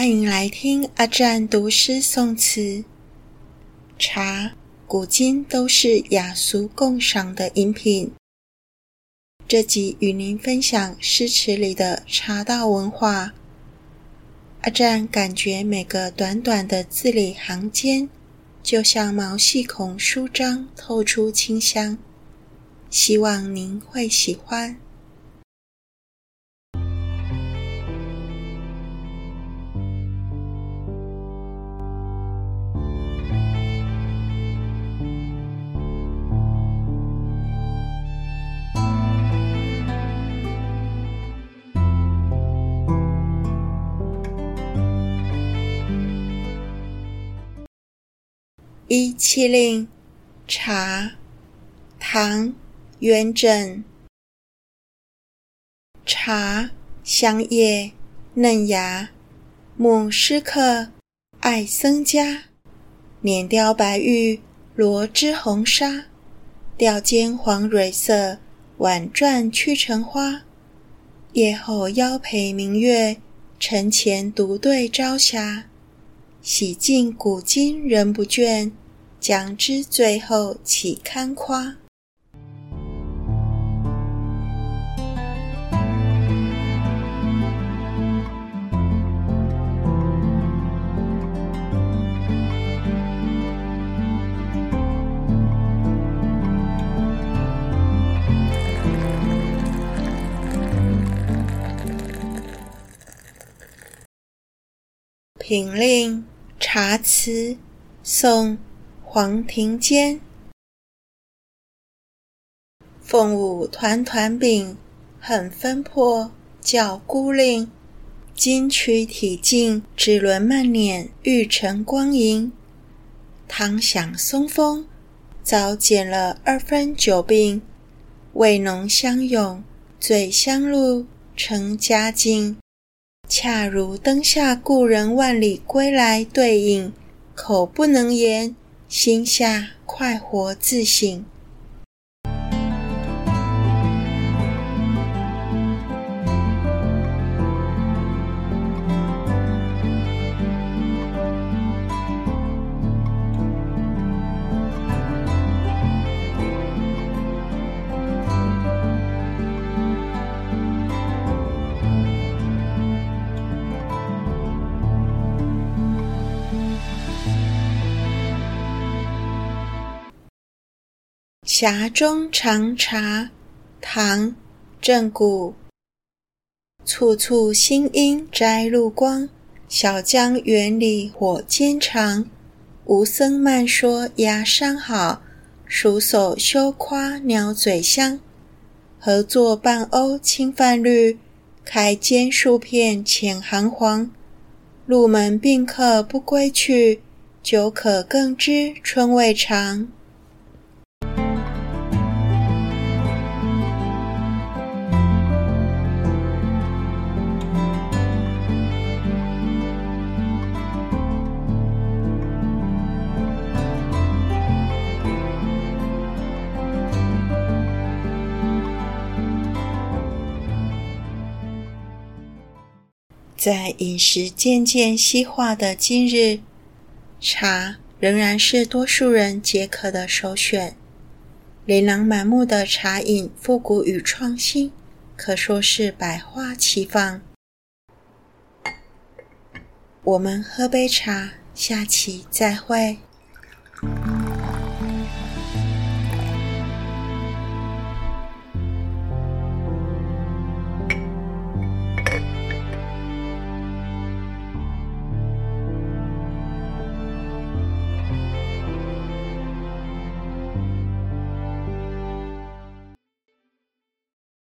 歡迎來聽阿占讀詩誦詞，茶，古今都是雅俗共賞的飲品。這集與您分享詩詞裡的茶道文化。阿占感覺每個短短的字裡行間，就像毛細孔舒張透出清香，希望您會喜歡。一七令茶，唐，元稹。茶香葉嫩芽，慕詩客，愛僧家。碾雕白玉，羅織紅紗。銚煎黃蕊色，碗轉麴塵花。夜後邀陪明月，晨前獨對朝霞。洗盡古今人不倦，將知醉後豈堪誇。《品令·茶詞》送，宋·黃庭堅。鳳舞團團餅，恨分破，教孤令。金渠體淨，只輪慢碾，玉塵光瑩。湯響松風，早減了二分酒病。味濃香永，醉鄉路，成佳境。恰如燈下，故人萬里，歸來對影，口不能言，心下快活自省。峽中嘗茶，唐·鄭谷。簇簇新英摘露光，小江園裡火煎嘗。吳僧漫說鴉山好，蜀叟休誇鳥觜香。合座半甌輕泛綠，開緘數片淺含黃。鹿門病客不歸去，酒渴更知春味長。在飲食漸漸西化的今日，茶仍然是多數人解渴的首選。琳琅滿目的茶飲，復古與創新，可說是百花齊放。我們喝杯茶，下期再會。